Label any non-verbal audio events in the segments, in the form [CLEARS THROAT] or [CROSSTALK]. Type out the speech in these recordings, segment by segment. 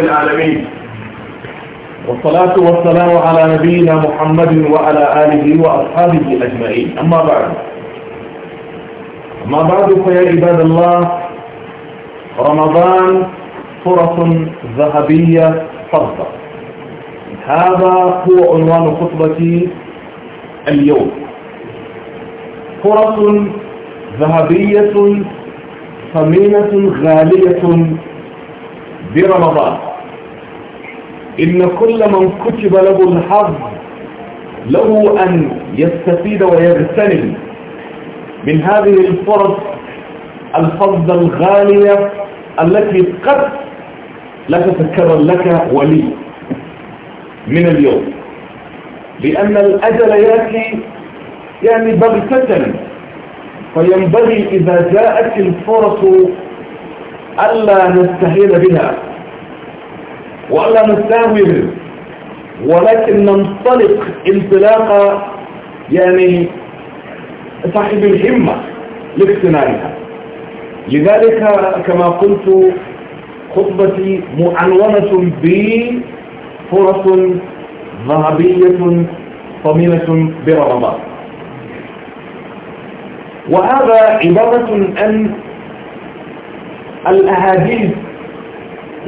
العالمين والصلاة والسلام على نبينا محمد وعلى آله وأصحابه أجمعين أما بعد أما بعد فيا عباد الله رمضان فرص ذهبية فرصة هذا هو عنوان خطبتي اليوم فرص ذهبية ثمينة غالية برمضان إن كل من كتب له الحظ له أن يستفيد ويغتنم من هذه الفرص الفضة الغالية التي قد لا تتكرر لك ولي من اليوم لأن الأجل يأتي يعني بغتة فينبغي إذا جاءت الفرص ألا نستهين بها ولا نساوم ولكن ننطلق انطلاقة يعني صاحب الهمة لاقتنائها لذلك كما قلت خطبتي معنونة بفرص ذهبية طمينة برمضان وهذا عبارة عن الأحاديث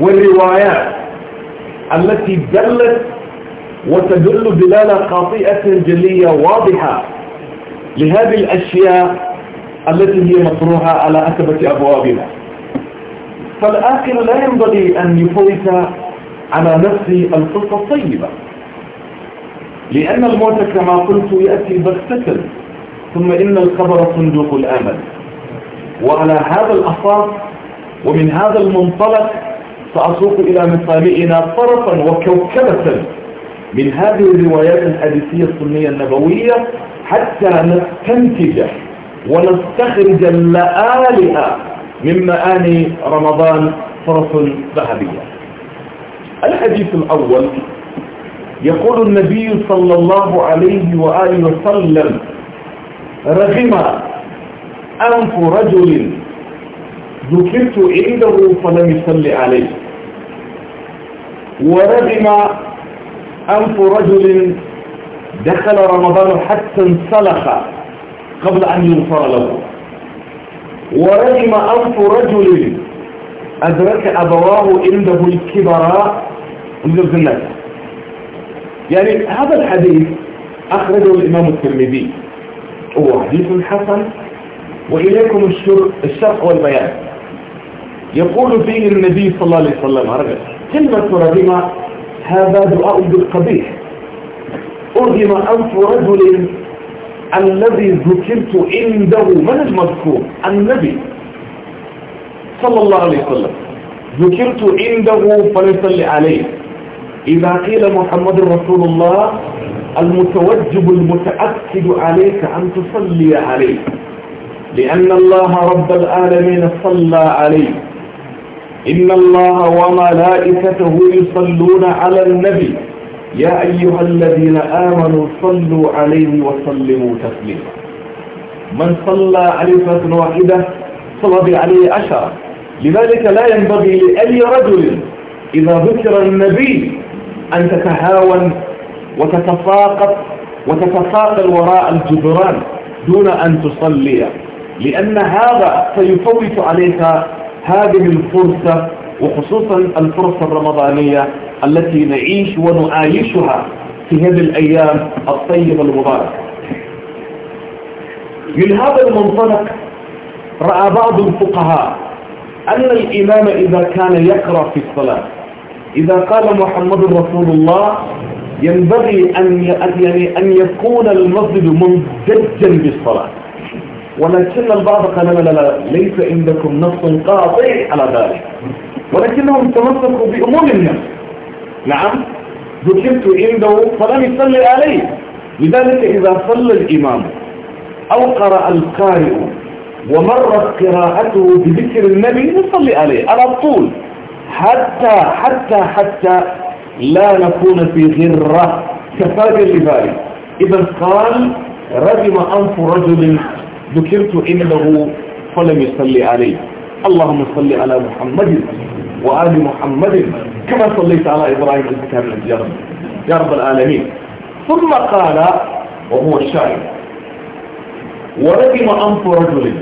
والروايات التي دلت وتدل دلالة قاطئة جلية واضحة لهذه الأشياء التي هي مطروحة على أكبة أبوابنا فالآخر لا ينبغي أن يفوت على نفسه الفرصة الطيبة لأن الموت كما قلت يأتي بغتة ثم إن الخبر صندوق الآمل وعلى هذا الأساس ومن هذا المنطلق سأسوق إلى مصالئنا طرفا وكوكبة من هذه الروايات الحديثية السنية النبوية حتى نستنتج ونستخرج اللآلئة من معاني رمضان فرص ذهبية الحديث الأول يقول النبي صلى الله عليه وآله وسلم رغم أنف رجل ذكرت عنده فلم يصلي عليه ورغم أنف رجل دخل رمضان حتى انسلخ قبل أن ينفر له ورغم أنف رجل أدرك أبواه عنده الكبراء من الناس يعني هذا الحديث أخرجه الإمام الترمذي هو حديث حسن وإليكم الشرح والبيان يقول فيه النبي صلى الله عليه وسلم هرجل كلمة ردم هذا دعاء بالقبيح أرغم أنف رجل الذي ذكرت عنده من المذكور النبي صلى الله عليه وسلم ذكرت عنده فليصلي عليه إذا قيل محمد رسول الله المتوجب المتأكد عليك أن تصلي عليه لأن الله رب العالمين صلى عليه إن الله وملائكته يصلون على النبي يا أيها الذين آمنوا صلوا عليه وسلموا تسليما من صلى عليه صلاة واحدة صلى عليه عشرة لذلك لا ينبغي لأي رجل إذا ذكر النبي أن تتهاون وتتساقط وتتساقل وراء الجدران دون أن تصلي لأن هذا سيفوت عليك هذه الفرصة وخصوصا الفرصة الرمضانية التي نعيش ونعايشها في هذه الأيام الطيبة المباركة من هذا المنطلق رأى بعض الفقهاء أن الإمام إذا كان يقرأ في الصلاة إذا قال محمد رسول الله ينبغي أن يعني يكون المسجد منزجا بالصلاة ولكن البعض قال لا لا لا ليس عندكم نص قاطع على ذلك ولكنهم تمسكوا بأمور النفس نعم ذكرت عنده فلم يصلي عليه لذلك إذا صلى الإمام أو قرأ القارئ ومرت قراءته بذكر النبي نصلي عليه على طول حتى حتى حتى لا نكون في غرة كفاية لذلك إذا قال رجم أنف رجل ذكرت إنه فلم يصلي عليه اللهم صل على محمد وآل محمد كما صليت على إبراهيم الكتاب الجرم يا رب العالمين ثم قال وهو الشاعر وردم أنف رجل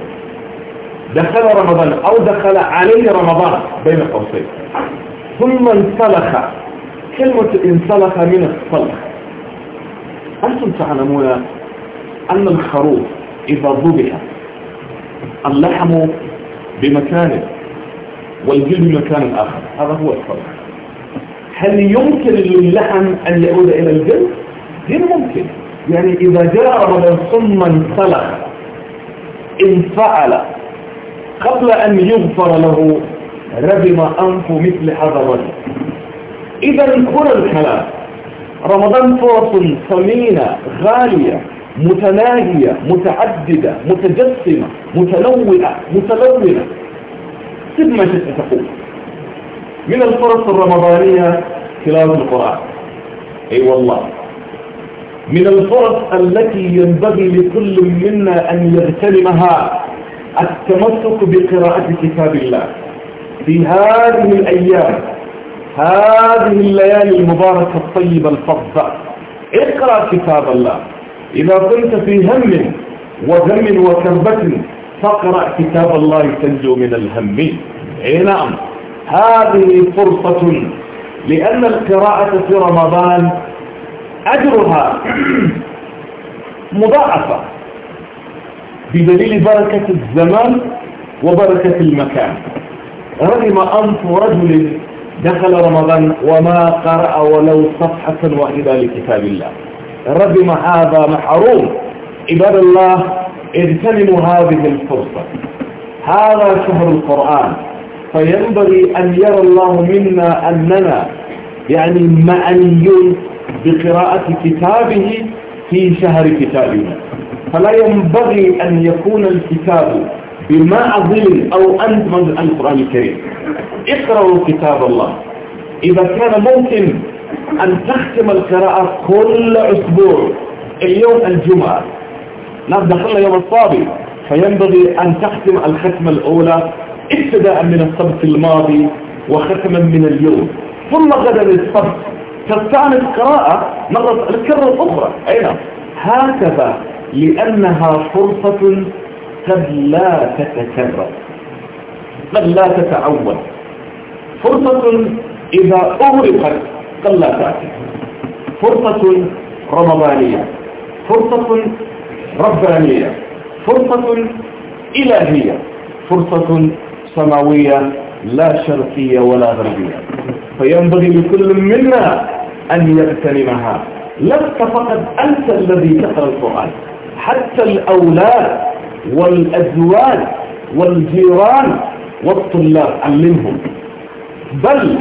دخل رمضان أو دخل عليه رمضان بين قوسين ثم انسلخ كلمة انسلخ من الصلخ أنتم تعلمون أن الخروف إذا ضبح اللحم بمكان والجلد بمكان آخر هذا هو الفرق هل يمكن للحم أن يعود إلى الجلد؟ غير ممكن يعني إذا جاء رمضان ثم انسلخ انفعل قبل أن يغفر له ربما أنف مثل هذا الرجل إذا كل الكلام رمضان فرص ثمينة غالية متناهية متعددة متجسمة متنوعة متلونة سب ما شئت تقول من الفرص الرمضانية تلاوة القرآن أي والله من الفرص التي ينبغي لكل منا أن يغتنمها التمسك بقراءة كتاب الله في هذه الأيام هذه الليالي المباركة الطيبة الفضة اقرأ كتاب الله إذا كنت في هم وذم وكربة فاقرأ كتاب الله تنجو من الهم اي نعم هذه فرصة لأن القراءة في رمضان أجرها [CLEARS THROAT] مضاعفة بدليل بركة الزمان وبركة المكان رغم أنف رجل دخل رمضان وما قرأ ولو صفحة واحدة لكتاب الله ردم هذا محروم عباد الله اغتنموا هذه الفرصة هذا شهر القرآن فينبغي أن يرى الله منا أننا يعني معنيون بقراءة كتابه في شهر كتابنا فلا ينبغي أن يكون الكتاب بمعظم أو أنت من القرآن الكريم اقرأوا كتاب الله إذا كان ممكن أن تختم القراءة كل أسبوع اليوم الجمعة ناس دخلنا يوم الصابي فينبغي أن تختم الختمة الأولى ابتداء من السبت الماضي وختما من اليوم ثم غدا السبت تستعمل قراءة مرة الكرة الأخرى أين هكذا لأنها فرصة قد لا تتكرر قد لا تتعود فرصة إذا أغلقت قلت فرصة رمضانية فرصة ربانية فرصة إلهية فرصة سماوية لا شرقية ولا غربية فينبغي لكل منا أن يغتنمها لست فقط أنت الذي تقرأ القرآن حتى الأولاد والأزواج والجيران والطلاب علمهم بل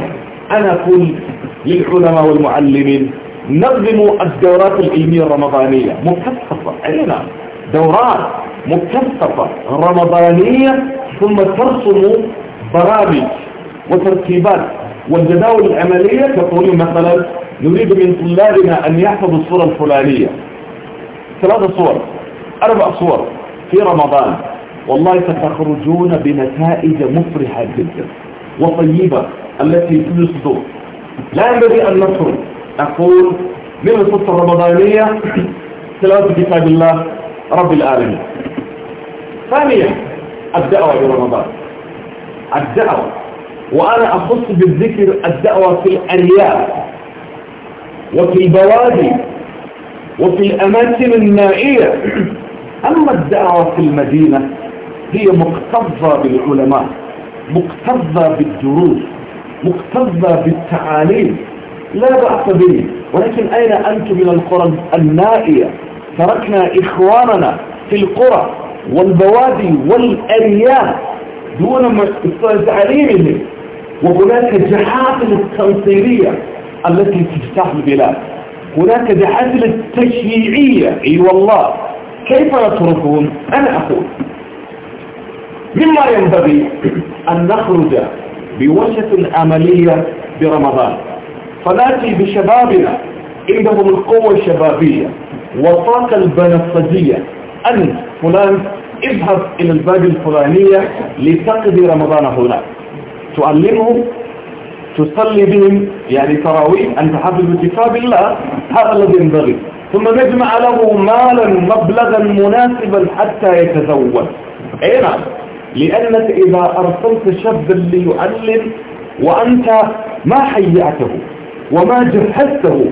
أنا أقول للعلماء والمعلمين نظموا الدورات العلمية الرمضانية مكثفة علينا دورات مكثفة رمضانية ثم ترسموا برامج وترتيبات والجداول العملية تقول مثلا نريد من طلابنا أن يحفظوا الصورة الفلانية ثلاثة صور أربع صور في رمضان والله ستخرجون بنتائج مفرحة جدا وطيبة التي تجسدوا لا ينبغي أن نترك أقول من الصفة الرمضانية تلاوة كتاب الله رب العالمين ثانيا الدعوة برمضان الدعوة وأنا أخص بالذكر الدعوة في الأرياف وفي البوادي وفي الأماكن النائية أما الدعوة في المدينة هي مقتضى بالعلماء مقتضى بالدروس مقتضى بالتعاليم لا بأس به ولكن أين أنتم من القرى النائية تركنا إخواننا في القرى والبوادي والأرياف دون تعليمهم وهناك جحافل التنصيرية التي تفتح البلاد هناك جحافل التشييعية اي والله كيف نتركهم أنا أقول مما ينبغي أن نخرج بوجهة عملية برمضان فناتي بشبابنا عندهم القوة الشبابية والطاقة البنفسجية أن فلان اذهب إلى الباب الفلانية لتقضي رمضان هناك تعلمهم تصلي بهم يعني تراويح أن تحفظوا كتاب الله هذا الذي ينبغي ثم نجمع له مالا مبلغا مناسبا حتى يتزوج أي نعم لأنك إذا أرسلت شاب ليعلم وأنت ما حيعته وما جهزته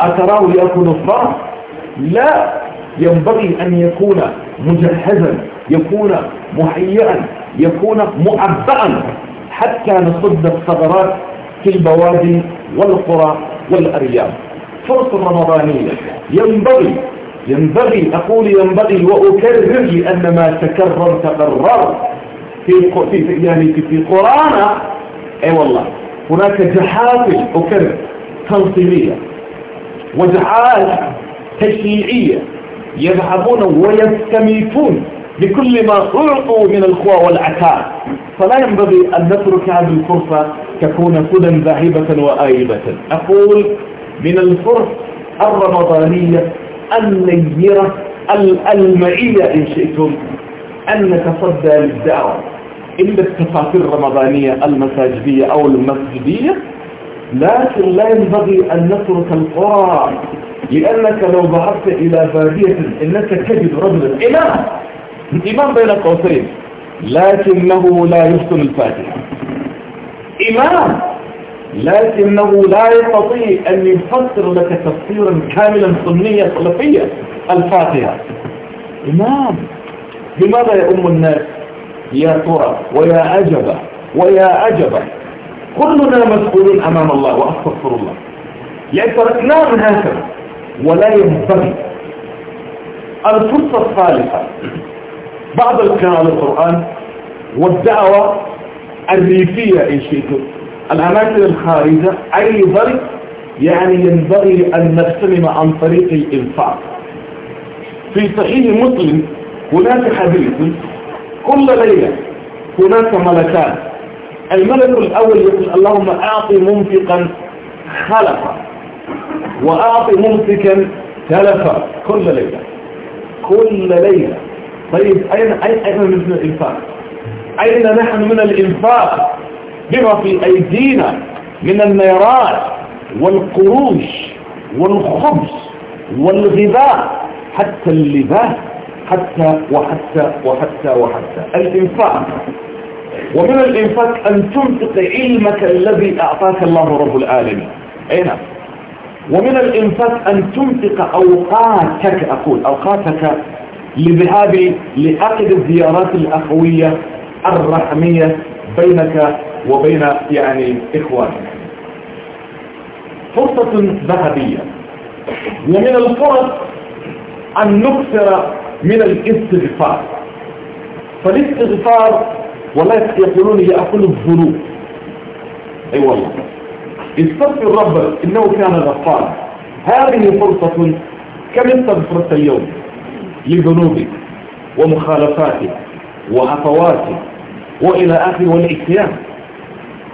أتراه ليكون الصالح لا ينبغي أن يكون مجهزا يكون مهيئا يكون معبئا حتى نصد الثغرات في البوادي والقرى والأرياف فرصة رمضانية ينبغي ينبغي أقول ينبغي وأكرر لأن ما تكرر تقرر في في يعني في قرانا اي والله هناك جحافل أكرر تنظيمية وجحافل تشييعية يذهبون ويستميتون بكل ما أعطوا من القوى والعتاب فلا ينبغي أن نترك هذه الفرصة تكون سدى ذاهبة وآيبة أقول من الفرص الرمضانية النيرة المعية إن شئتم أن نتصدى للدعوة إلا التفاصيل الرمضانية المساجدية أو المسجدية لكن لا ينبغي أن نترك القرآن لأنك لو ذهبت إلى بادية إنك تجد رجلا إمام إمام بين قوسين لكنه لا يفتن الفاتحة إمام لكنه لا يستطيع أن يفسر لك تفسيرا كاملا سنيا سلفيا الفاتحة إمام لماذا يؤم الناس يا ترى ويا عجبا ويا عجبا كلنا مسؤولون أمام الله وأستغفر الله يعني من هكذا ولا ينبغي الفرصة الثالثة بعد الكلام على القرآن والدعوة الريفية إن شئتم الأماكن الخارجة أيضا يعني ينبغي أن نغتنم عن طريق الإنفاق في صحيح مسلم هناك حديث كل ليلة هناك ملكان الملك الأول يقول اللهم أعطي منفقا خلفا وأعطي ممسكا تلفا كل ليلة كل ليلة طيب أين, أين من الإنفاق أين نحن من الإنفاق بما في أيدينا من النيرات والقروش والخبز والغذاء حتى اللباس حتى وحتى وحتى وحتى الإنفاق ومن الإنفاق أن تنفق علمك الذي أعطاك الله رب العالمين أي نعم ومن الإنفاق أن تنفق أوقاتك أقول أوقاتك لذهاب لأقد الزيارات الأخوية الرحمية بينك وبين يعني إخوانك فرصة ذهبية ومن الفرص أن نكثر من الاستغفار فالاستغفار والله يقولون اقل الذنوب أي أيوة والله استغفر ربك إنه كان غفارا هذه فرصة كم استغفرت اليوم لذنوبك ومخالفاتك وهفواتك وإلى آخر والإكيان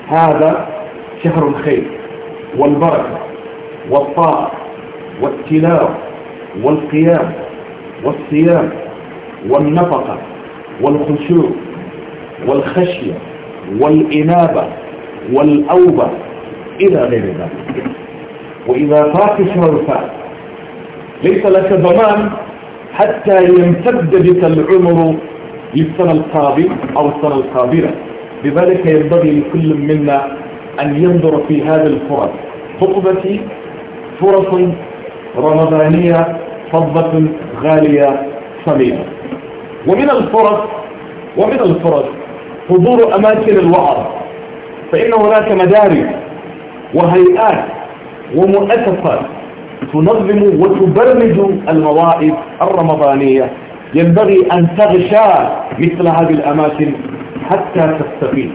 هذا شهر الخير والبركة والطاعة والتلاوة والقيام والصيام والنفقة والخشوع والخشية والإنابة والأوبة إلى غير ذلك وإذا فات شهر فات ليس لك ضمان حتى يمتد بك العمر للسنة القابلة أو السنة القابلة لذلك ينبغي لكل منا أن ينظر في هذه الفرص خطبتي فرص رمضانية فضة غالية صميمة ومن الفرص ومن الفرص حضور أماكن الوعظ فإن هناك مدارس وهيئات ومؤسسات تنظم وتبرمج المواعظ الرمضانية ينبغي أن تغشى مثل هذه الأماكن حتى تستفيد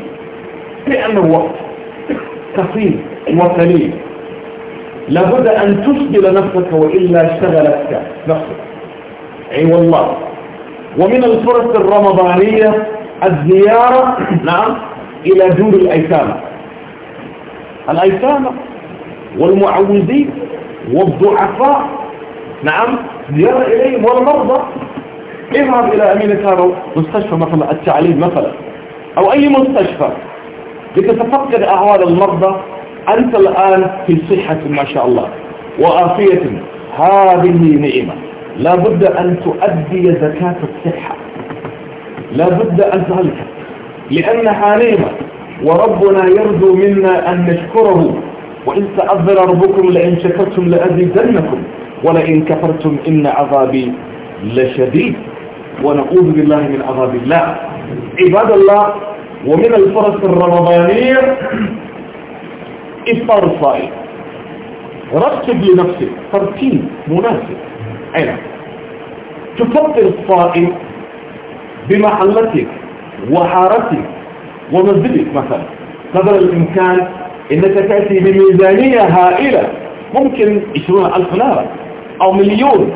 لأن الوقت قصير وقليل لابد أن تشغل نفسك وإلا شغلتك نفسك اي والله ومن الفرص الرمضانية الزيارة نعم الى دور الايتام الايتام والمعوزين والضعفاء نعم زيارة اليهم والمرضى اذهب الى امين كارو مستشفى مثلا التعليم مثلا او اي مستشفى لتتفقد اعوال المرضى انت الان في صحة ما شاء الله وآفية هذه نعمة لا بد أن تؤدي زكاة الصحة لا بد أن تهلك لأنها نعمة وربنا يرجو منا أن نشكره وإن تأذن ربكم لئن شكرتم لأزيدنكم ولئن كفرتم إن عذابي لشديد ونعوذ بالله من عذاب الله عباد الله ومن الفرص الرمضانية إفطار الصائم رتب لنفسك ترتيب مناسب أنا تفطر الصائم بمحلتك وحارتك ومسجدك مثلا قدر الإمكان أنك تأتي بميزانية هائلة ممكن ألف لارة أو مليون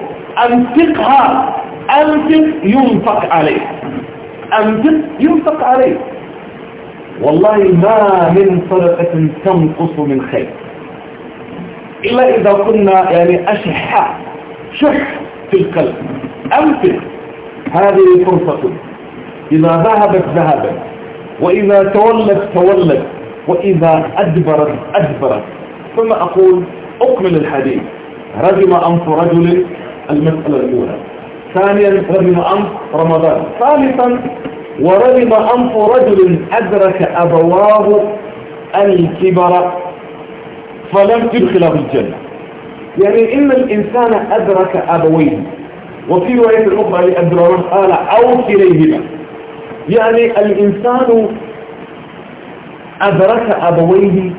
أنفقها أنفق ينفق عليه أنفق ينفق عليه والله ما من صدقة تنقص من خير إلا إذا كنا يعني أشحاء شح في القلب أمسك هذه فرصة إذا ذهبت ذهبت وإذا تولت تولت وإذا أدبرت أدبرت ثم أقول أكمل الحديث رجم أنف رجل المسألة الأولى ثانيا رجم أنف رمضان ثالثا ورجم أنف رجل أدرك أبواه الكبر فلم تدخله الجنة يعني إن الإنسان أدرك أبويه وفي رواية الأخرى لأبو قال أو كليهما يعني الإنسان أدرك أبويه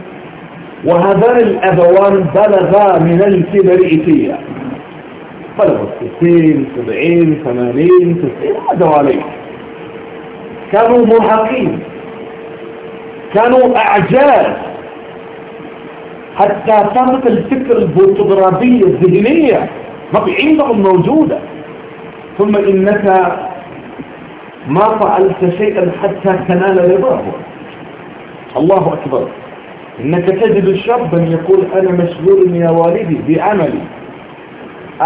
وهذان الأبوان بلغا من الكبر إتيا بلغوا ستين سبعين ثمانين تسعين عدوا عليه كانوا مرهقين كانوا أعجاز حتى صارت الفكر البوتغرافية الذهنية ما في عندهم موجودة ثم إنك ما فعلت شيئا حتى تنال رضاه الله أكبر إنك تجد شابا يقول أنا مشغول يا والدي بعملي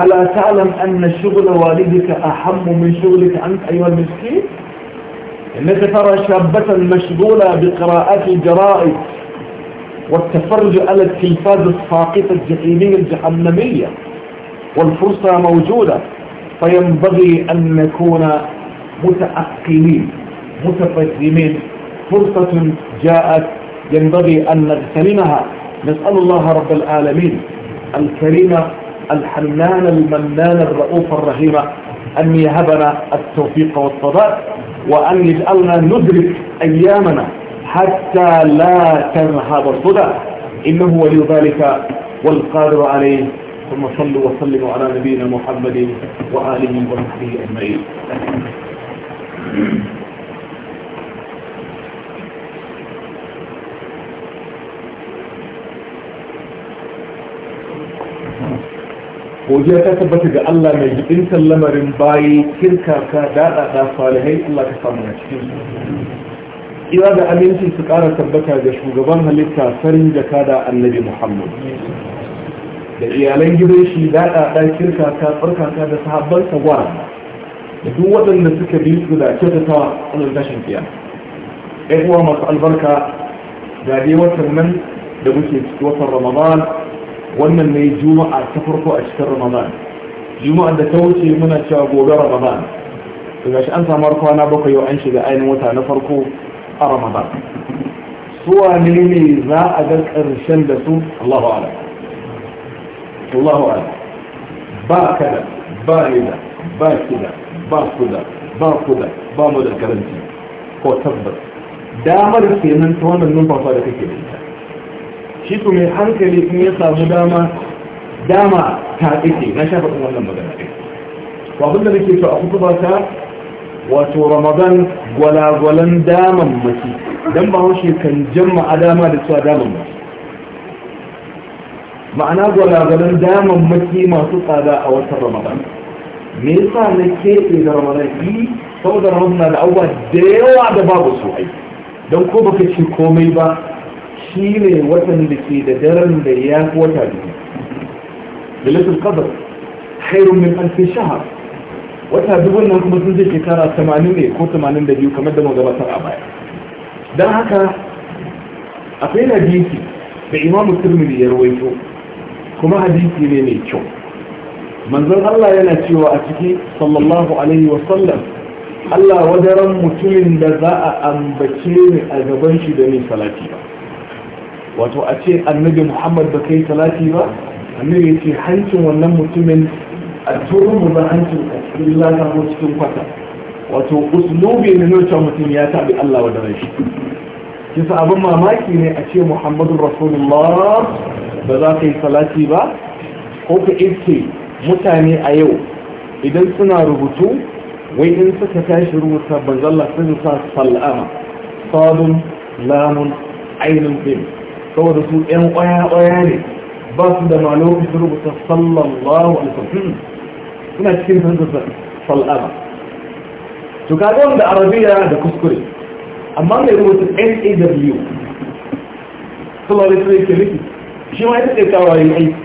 ألا تعلم أن شغل والدك أهم من شغلك أنت أيها المسكين إنك ترى شابة مشغولة بقراءة الجرائد والتفرج على التلفاز الساقطة الجحيمية الجحنمية والفرصة موجودة فينبغي أن نكون متأقلين متفهمين فرصة جاءت ينبغي أن نغتنمها نسأل الله رب العالمين الكريم الحنان المنان الرؤوف الرحيم أن يهبنا التوفيق والصداق وأن يجعلنا ندرك أيامنا حتى لا تنهض الهدى إنه ولي ذلك والقادر عليه ثم صلوا وسلموا على نبينا محمد وآله ومحبه أجمعين وجيه تثبت ان الله من انت لمرن باي كركا كذا ذا صالحين الله تفهمنا kira da aminci su ƙara tabbata ga shugaban halitta farin jaka da annabi muhammad da iyalan gidan shi daɗa ɗakin kaka da sahabban sagwara da duk waɗanda suka bi su da kyautata wannan tashin kiya ɗan uwa masu albarka ga dai watan nan da muke ciki watan ramadan wannan ne juma'a ta farko a cikin ramadan juma'ar da ta wuce muna cewa gobe ramadan daga an samar kwana bakwai yau an shiga ainihin wata na farko a ramadan suwa ne ne za a ga ƙarshen da su Allahu ala Allahu ala ba kada ba rida ba kida ba kuda ba kuda ba mu da karanci ko tabbas damar kenan ta wannan numfafa da kake da ita shi ku mai hankali in ya samu dama dama ta ɗike na shafa wannan magana ɗin to abinda nake so a kuka ba ta wato ramadan gwalagwalan daman maki don ba haushe kan jama'a dama da cewa daman maki ma'ana gwalagwalan daman maki masu tsada a watan ramadan me yasa na keɓe da ramadan yi saboda ramadan da abubuwa da yawa da babu su ai don ko baka ce komai ba shi ne watan da ke da daren da ya fi wata biyu da lafin kabar khairun min alfi shahar wata dubun nan kuma sun je shekara 80 ne ko 82 kamar da magabatar a baya don haka akwai hadisi da imam turmini ya rawaito kuma hadisi ne mai kyau manzon Allah yana cewa a ciki sallallahu alaihi wa sallam Allah wadaran mutumin da za a ambace ni a gaban shi da ni salati ba wato a ce annabi Muhammad ba kai salati ba annabi ya ce hancin wannan mutumin a turu mu an a cikin lana ko cikin kwata wato uslubi ne nuna mutum ya tabi Allah wa da rai kisa abin mamaki ne a ce Muhammadu Rasulullah ba za ka yi salati ba ko ka iske mutane a yau idan suna rubutu wai in suka tashi rubuta banzalla sun sa sal'ama sabon lamun ainihin bin saboda su 'yan ƙwaya-ƙwaya ne ba su da malokacin rubuta sallallahu alaihi suna cikin hanzarsa sal'ama to kaga wanda arabiya da kuskure amma mai rubutu naw sallallahu alaihi ke liki shi ma ita tsaitawa yi aiki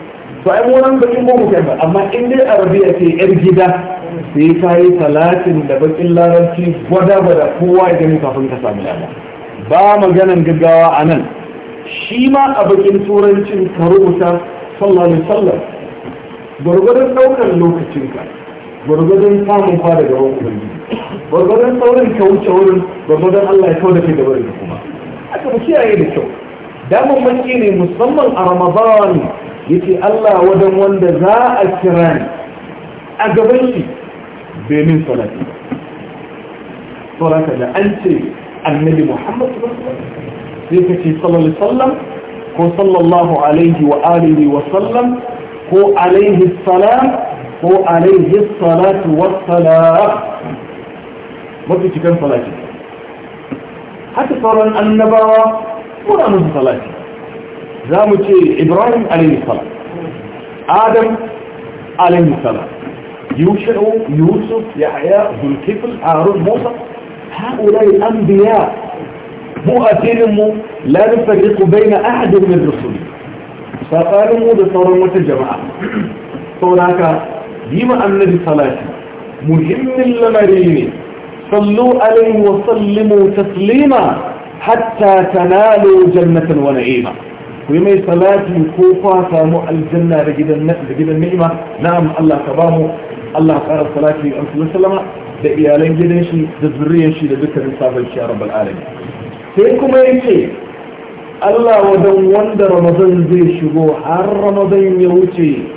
to ai mu nan bakin boko kai ba amma in dai arabiya ce yar gida sai ka yi talatin da bakin larabci gwada gwada kowa ya gani kafin ka sami lada ba maganan gaggawa a nan shi ma a bakin turancin ka rubuta sallallahu alaihi wasallam gwargwadon ɗaukar ka gwargwadon samun fa daga wani ubangiji gwargwadon saurin ka wuce wurin gwargwadon Allah ya kawo da kai da kuma aka mu kiyaye da kyau damar manke ne musamman a ramadan yace Allah wadan wanda za a kira ni a gaban shi bai min salati salata da an ce annabi Muhammad sai ka ce sallallahu ko sallallahu alaihi wa alihi wa sallam هو عليه الصلاة هو عليه الصلاة والصلاة ممكن تكون صلاة حتى صلاة النبى ولا نزل صلاة زامت إبراهيم عليه الصلاة آدم عليه الصلاة يوشع يوسف يحيى ذو الكفل عارض موسى هؤلاء الأنبياء مؤتين لا نفرق بين أحد من الرسل saɓanin mu da sauran wata jama'a sauraka yi ma annabi salati muhimmin lamari ne sallu alaihi wa sallimu taslima hatta tanalu jannatan wa na'ima ku yi mai salati ko kwa samu aljanna da gidan da gidan ni'ima na'am Allah ka bamu Allah ka ƙara salati ga Annabi sallama da iyalan gidan shi da zuriyar shi da dukkanin sabon shi a rabbal alamin sai kuma yake Allah wajen wanda Ramadan zai shigo har Ramadan ya wuce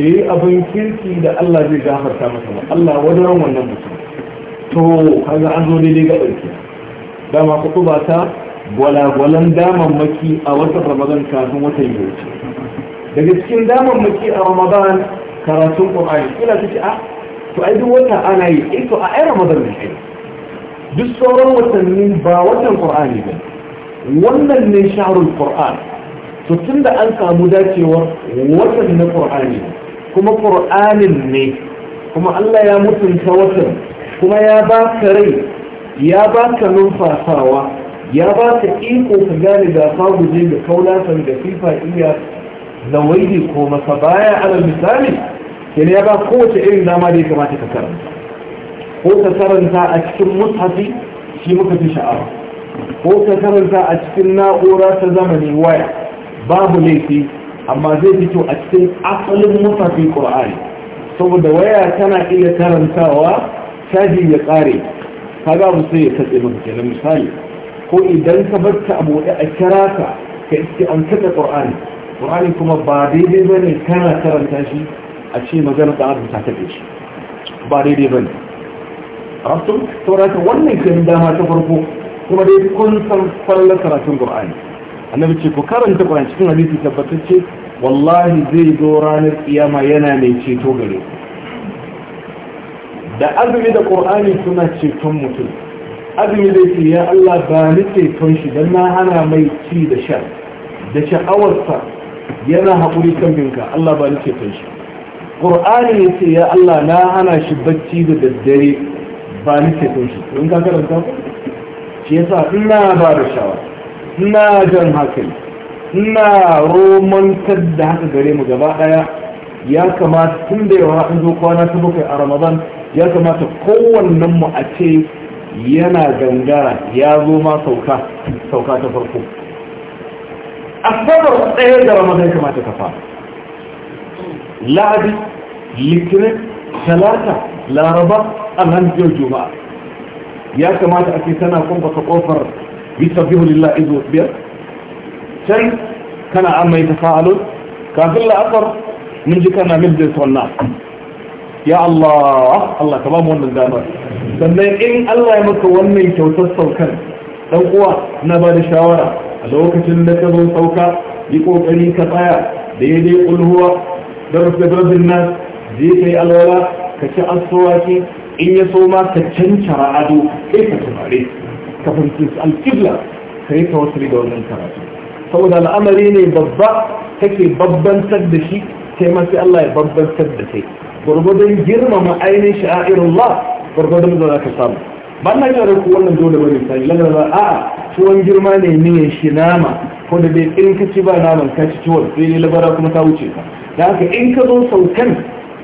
da yi abin kirki da Allah zai gafarta masa ba Allah wajen wannan mutum to kaga an zo daidai ga ɗauki dama ku ba ta gwalagwalan damammaki a watan Ramadan kafin watan ya wuce daga cikin damammaki a Ramadan karatun Qur'ani kila take a ah, to ai duk wata ana yi eh to a ai Ramadan ne duk sauran watanni ba watan Qur'ani ba wannan ne shaharul qur'an to tunda an samu dacewar watan na qur'ani kuma qur'anin ne kuma Allah ya mutunta watan kuma ya ba ka rai ya ba ka numfasawa ya ba ka iko ka gane da faguje da kaulasan da fifa iya zawaidi ko masa baya ala misali yana ya ba kowace irin dama da ya kamata ka karanta ko ka karanta a cikin mushafi shi muka fi sha'awa ko ka karanta a cikin na'ura ta zamani waya babu laifi amma zai fito a cikin asalin musafin qur'ani saboda waya tana iya karantawa caji ya ƙare kaga abu sai ya katse maka kenan misali ko idan ka barta abu da a kira ka ka iske an kada qur'ani qur'ani kuma ba daidai bane kana karanta shi a ce magana da abu ta kace shi ba daidai bane rasul saboda wannan kin dama ta farko kuma dai kun san sallar karatun qur'ani annabi ce ku karanta qur'ani cikin hadisi tabbatacce wallahi zai zo ranar iyama yana mai ceto gare da azumi da qur'ani suna ceton mutum azumi zai ce ya Allah ba ni ceton shi dan na hana mai ci da sha da sha'awarsa yana haƙuri kan binka Allah ba ni ceton shi qur'ani ya ce ya Allah na hana shi bacci da daddare ba ni ceton shi don ka karanta ku shi yasa ina ba da shawar ina jan hakan ina romantar da haka gare mu gaba daya ya kamata tun da yawa an zo kwana ta bakwai a ramadan ya kamata kowannen mu a ce yana gangara ya zo ma sauka sauka ta farko A sabar tsaye da ramadan kamata ka fara lahadi litinin talata laraba alhamdulillah juma'a ya kamata ake tana kumbata kofar yusabbihu lillahi izu biyar can kana amma ya tafa'alun kafin la'asar mun ji kana min da sunna ya Allah Allah ka ba mu wannan dama sannan in Allah ya maka wannan kyautar saukar dan uwa na ba da shawara a lokacin da ka zo sauka yi kokari ka tsaya daidai kulhuwa da rufe rabin nas je kai alwala ka ci aswaki in ya so ma ka cancara ado kai ka turare ka fahimci alƙibla ka yi tawassuli da wannan karatu saboda al'amari ne babba kake babbantar da shi sai ma sai Allah ya babbantar da kai gwargwadon girmama ainihin sha'irullah gwargwadon da za ka samu ba na yi ku wannan dole bane sai Yana ba a'a tuwon girma ne ya shi nama ko da bai in ka ci ba naman ka ci ciwon sai ne labara kuma ta wuce ka da haka in ka zo saukan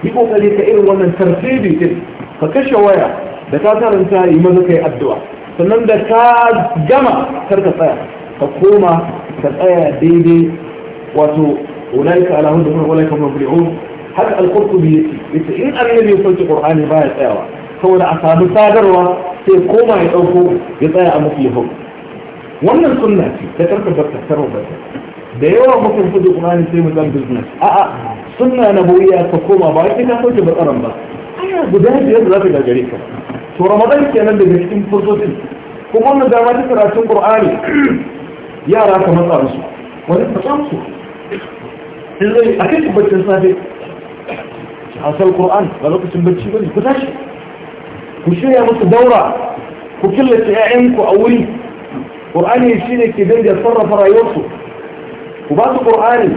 yi kokari ka irin wannan tartibi din فكش ويا بتاثر انت يمدك الدواء فنن ده كاد جمع ترك الطيا فقوما كالآية ديدي واتو أولئك على هدف أولئك مبلعون هل القرط بيتي يتي إن أمي اللي يصلت قرآني باية تأوى فولا أصاب سادروا سيقوما يتوفوا يطيع مفيهم ومن السنة تترك بك تكتروا بك ديوة ممكن تقول قرآني سيمة لم تزنس أأأ آه، آه. سنة نبوية تقوما باية تكتروا بك أرمبا aya guda biyar da za ta gagare ka to ramadan kenan daga cikin furzozin kuma wannan dama ta karatun qur'ani yara ka matsa musu wani ka san su in zai a kai baccin safe hasal qur'an ba lokacin bacci bane ku tashi ku shirya musu daura ku killace 'ya'yanku a wuri qur'ani shine ke dinga sarrafa rayuwarsu ku ba su qur'ani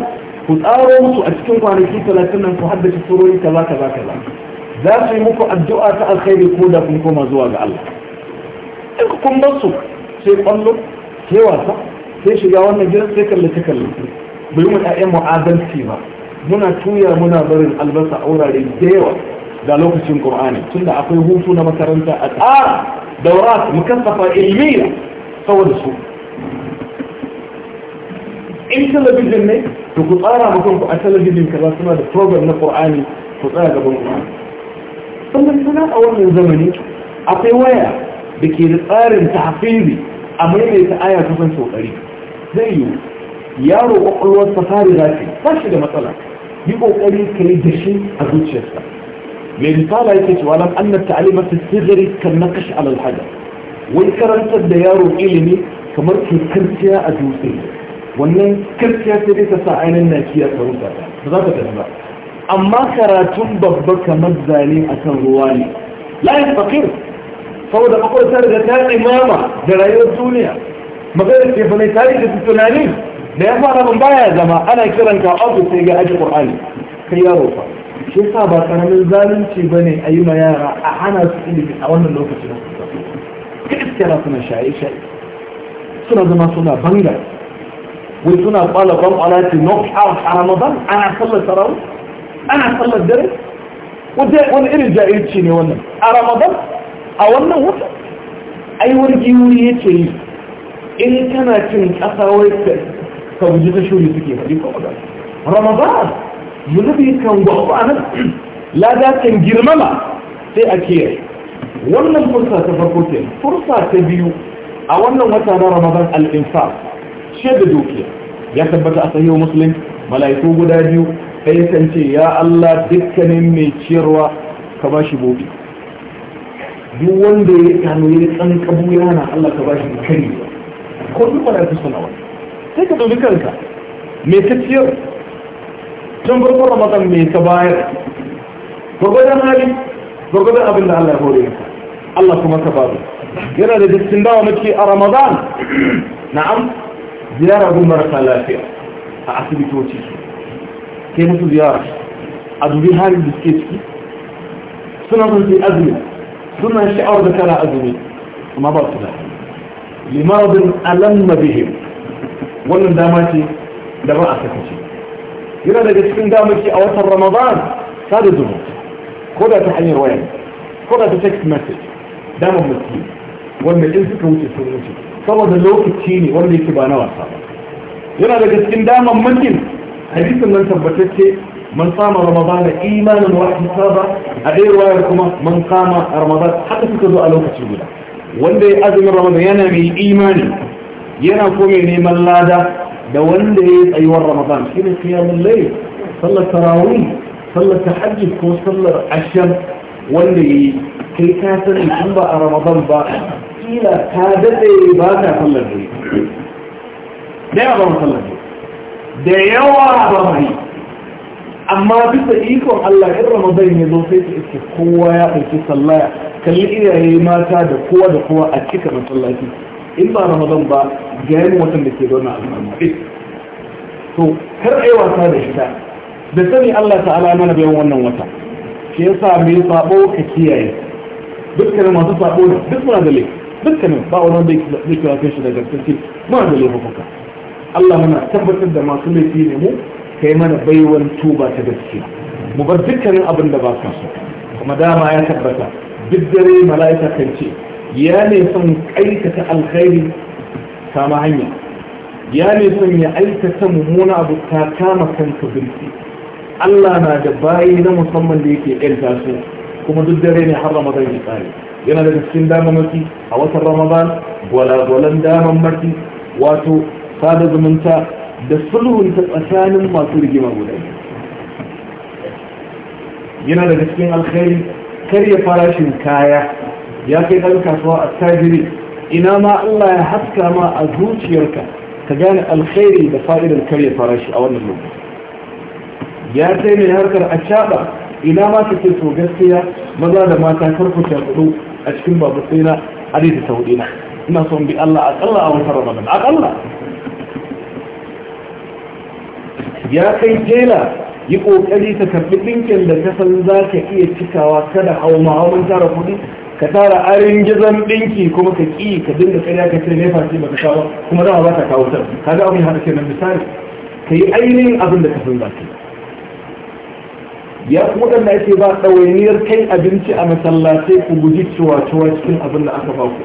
ku tsaro musu a cikin kwanaki talatin nan ku haddace surori kaza kaza kaza za su yi muku addu'a ta alkhairi ko da kun koma zuwa ga Allah in ku kun bar su sai kwallo sai wasa sai shiga wannan gidan sai ta kallace bai mu ɗayan mu'adalci ba muna tuya muna barin albasa a wurare da yawa ga lokacin qur'ani tunda akwai hutu na makaranta a tsara daurat mukaffafa ilmiya saboda su in talabijin ne to ku tsara mutum ku a talabijin kaza suna da program na qur'ani ku tsaya gaban qur'ani sannan sana a wannan zamani akwai waya da ke da tsarin tafizi a maimaita aya kusan sau zai yiwu yaro ƙwaƙwalwar safari za ta ba shi da matsala yi ƙoƙari ka yi dashi a zuciyarsa mai misala yake cewa lam anna ta'alima fi sirri kan naqash ala al-hadath wai karantar da yaro ilimi kamar ke karciya a dutse wannan karciya sai dai ta sa ainihin nakiya ta rusa ba za ta tafi ba amma karatun babba kamar zane a kan ruwa ne layin fakir saboda makwarta da ta imama da rayuwar duniya magana ce fa mai tarihi da tunani da ya fara ban baya zama ana kiran ka ofis sai ga aji qur'ani kai yaro fa shi yasa ba karamin zalunci bane a yi ma yara a hana su ilimi a wannan lokacin ka iskara suna shaye shaye suna zama suna banga wai suna kwala kwan kwala ce nok a ramadan ana sallar tarawih ana sallar dare wani irin jahilci ne wannan a ramadan a wannan wata ai wani giwuri yake yi in kana cin ƙasa wai ka guji ta shuri suke faɗi ko magana ramadan zunubi kan gwaba nan [CLEARS THROAT] lada kan girmama sai a kiyaye wannan fursa ta farko ke fursa ta biyu a wannan wata na ramadan al-infaq shi da dukiya ya tabbata a sahihu muslim malaiku guda biyu sai yakan ce ya Allah dukkanin mai ciyarwa ka ba shi bobi duk wanda ya kano ya tsan kabu yana Allah ka ba shi kari ko duk wanda ka sanawa sai ka dubi kanka me ka ciyar tun farko ramadan me ka bayar gwagwadon hali gwagwadon abin da Allah ya hore ka Allah kuma ka ba yana da dukkan dawa mace a ramadan [CLEARS THROAT] na'am ziyara gun ta lafiya a asibitoci su كانت زيارة أبو بي هاري بسكيتكي سنة في أزمة سنة الشعار ذكرى أزمة وما بقى لمرض ألم بهم ولن داماتي لرأى سكتي يرى لك سكين دامتي أوسط رمضان سادة دموت كودا تحيي روان كودا تشكت مسج دام ابن السكين ولن الإنسك وشي سنوشي صلى ذلوك التيني ولن يكبانوا أصابه يرى لك سكين دام ابن السكين حديث من تبتك من قام رمضان إيمانا وحسابا أغير وايركما من قام رمضان حتى في كذو ألوك تقول وانده أزم رمضان ينمي إيمان ينفوني نيمان لادا ده وانده أيوة رمضان كين قيام الليل صلى التراويح صلى التحجد كو صلى العشر وانده كي كاسر يتنبع رمضان با إلى كادته باتا صلى الليل ده أغرم صلى الليل da yawa ba mai amma bisa ikon Allah in Ramadan ne zo sai su iske kowa ya ɗauki sallaya kalli iyaye mata da kowa da kowa a cika masallaci in ba Ramadan ba ga yan watan da ke zauna al'amma to kar ai wasa da shi da sani Allah ta'ala mana bayan wannan wata ke yasa mai sabo ka kiyaye dukkanin masu sabo duk muna da laifi dukkanin ba wani da yake wasan shi daga gaskashe muna da laifuka Allah muna tabbatar da masu laifi ne mu kai mana baiwan tuba ta gaskiya mu bar dukkanin abin da ba ka so kuma dama ya tabbata duk dare mala'ika kan ce ya ne son aikata alkhairi kama hanya ya ne son ya aikata mummuna abu ta kama kanka birki Allah na da bayi na musamman da yake ƴanta su kuma duk dare ne har Ramadan ya tsare yana da cikin damamaki a watan Ramadan gwalagwalan maki? wato sada zumunta da sulhunta tsakanin masu rigima guda yana da cikin alkhairi karya farashin kaya ya kai ɗan kasuwa a tajiri ina ma Allah ya haska ma a zuciyarka ka gane alkhairi da fa'idar karya farashi a wannan lokaci ya sai mai harkar a caɓa ina ma ta so gaskiya maza da mata karfuta hudu a cikin babu sai na hadita ta ina so son bi Allah a ƙalla a wata ramadan a ƙalla. ya kai jela yi kokari ka karbi ɗinkin da kasan za ka iya cikawa kada hau ma'aunin tara kudi ka tara arin gizon ɗinki kuma ka ƙi ka dinga karya ka ce nefa ce baka kawo kuma za a ba ka kawo ta ka ga abin haɗa kenan misali ka yi ainihin abin da ka za ka ya kuma ɗan da ake ba ɗawainiyar kai abinci a masallatai ku guji cewa ciwa cikin abin da aka ba ku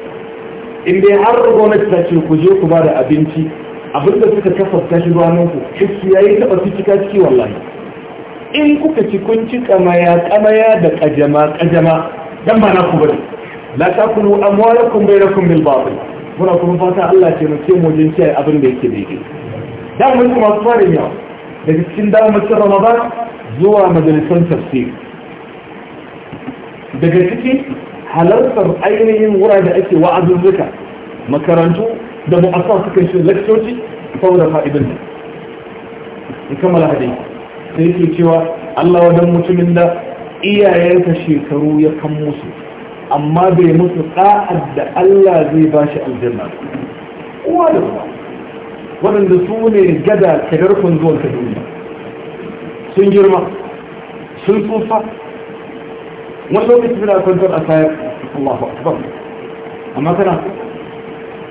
in dai har gwamnati ta ce ku je ku ba da abinci abinda suka kafasta shi ranar ku shi yayi taba cika ciki wallahi in kuka ci kun ci kamaya kamaya da kajama kajama dan ba na ku bane la takulu amwalakum bainakum bil batil muna kuma fata Allah ce mu ce mu jin kiyaye abin da yake daidai dan mun kuma fara yawa daga cikin damar Ramadan zuwa majalisan tafsir daga ciki halartar ainihin wurare da ake wa'azuzzuka makarantu da mu'assar suka shi lakcoci saboda fa'idun ne in kammala hadai sai yake cewa Allah wadan mutumin da iyayensa shekaru ya kan musu amma bai musu tsa'ad da Allah zai ba shi aljanna uwa da uwa waɗanda su ne gada kadarkun zuwan ta duniya sun girma sun tsufa wani lokacin kwantar a sayar Allahu Akbar amma kana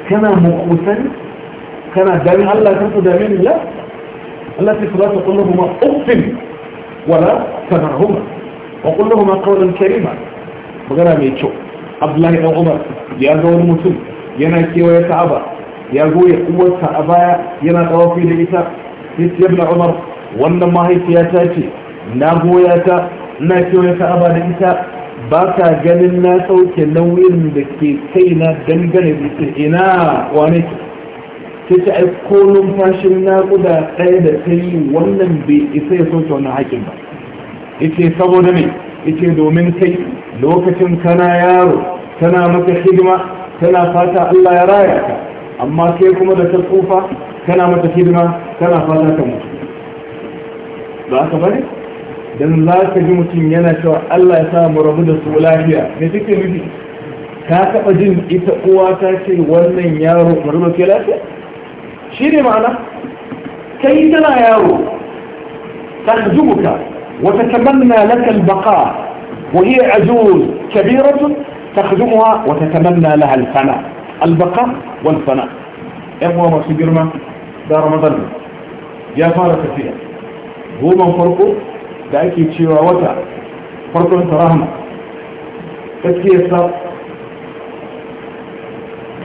kana mukusan kana dami Allah kan su dami ni la Allah ta kula ta kullu huma uffin wala tamarhuma wa kullu huma qawlan karima magana mai kyau Abdullahi dan Umar ya ga wani mutum yana kewaye Ka'aba ya goye uwarsa a baya yana tsawafi da ita yace ibn Umar wannan mahaifiya ta ce na goya ta na kewaye Ka'aba da ita ba ka ganin na sauke nauyin da ke kaina dangane da ina wane ki ta ai ko numfashin naƙuda ɗaya da ta yi wannan bai isa ya sauke wannan haƙin ba ita saboda me ita domin kai lokacin kana yaro tana maka hidima tana fata Allah ya raya ka amma kai kuma da ta tsufa tana mata hidima tana fata ka mutu ba ka bane don za ka ji mutum yana cewa Allah ya sa mu rabu da su lafiya me take nufi ka taɓa jin ita uwa ta ce wannan yaro mu rabu ke lafiya shi ne ma'ana kai tana yaro ta zubuka wata tamanna laka albaqa wa hiya ajuz kabiratun تخدمها وتتمنى لها الفناء البقاء fana اخوة مرسي جرمة girma da ramadan ya fara tafiya goma farko da ake cewa wata farkon rahama sa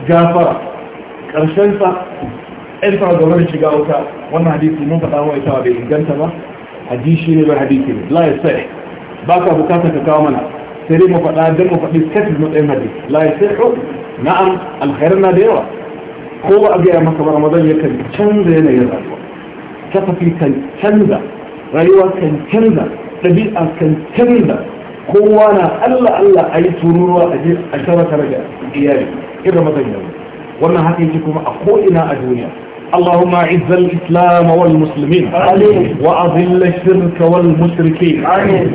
gafara ƙarshensa ɗan fara gaba da shiga wuta wannan hadisi mun faɗa wa ita bai inganta ba hadisi ne bai hadisi ne la yasai ba ka bukata ka kawo mana sai dai mu faɗa dan mu faɗi mu matsayin hadisi la yasai na'am alkhairu na da yawa ko ba a gaya maka ba ramadan yakan canza yanayin rayuwa tafi kan canza rayuwa kan canza ɗabi'a kan canza kowa na allah allah a yi tururuwa a je a shara tare da iyali irin wannan haka yake kuma a ko'ina a duniya اللهم اعز الإسلام والمسلمين آمين. وأذل الشرك والمشركين آمين.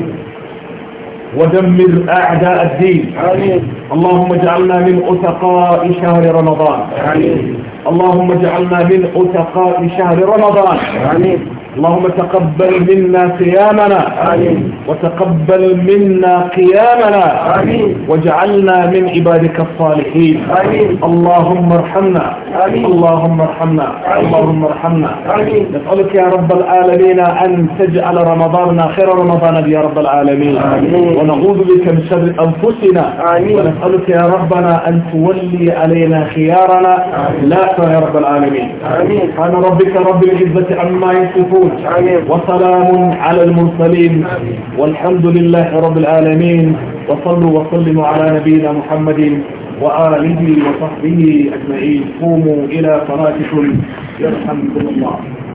ودمر أعداء الدين آمين. اللهم اجعلنا من أتقاء شهر رمضان آمين. اللهم اجعلنا من أتقاء شهر رمضان آمين. اللهم تقبل منا قيامنا آمين وتقبل منا قيامنا آمين واجعلنا من عبادك الصالحين آمين اللهم ارحمنا آمين اللهم ارحمنا آمين اللهم ارحمنا آمين نسألك يا رب العالمين أن تجعل رمضاننا خير رمضان يا رب العالمين آمين ونعوذ بك من شر أنفسنا آمين ونسألك يا ربنا أن تولي علينا خيارنا آمين لا يا رب العالمين آمين سبحان ربك رب العزة عما يصفون وسلام على المرسلين والحمد لله رب العالمين وصلوا وسلموا على نبينا محمد وآله وصحبه أجمعين قوموا إلى صلاتكم يرحمكم الله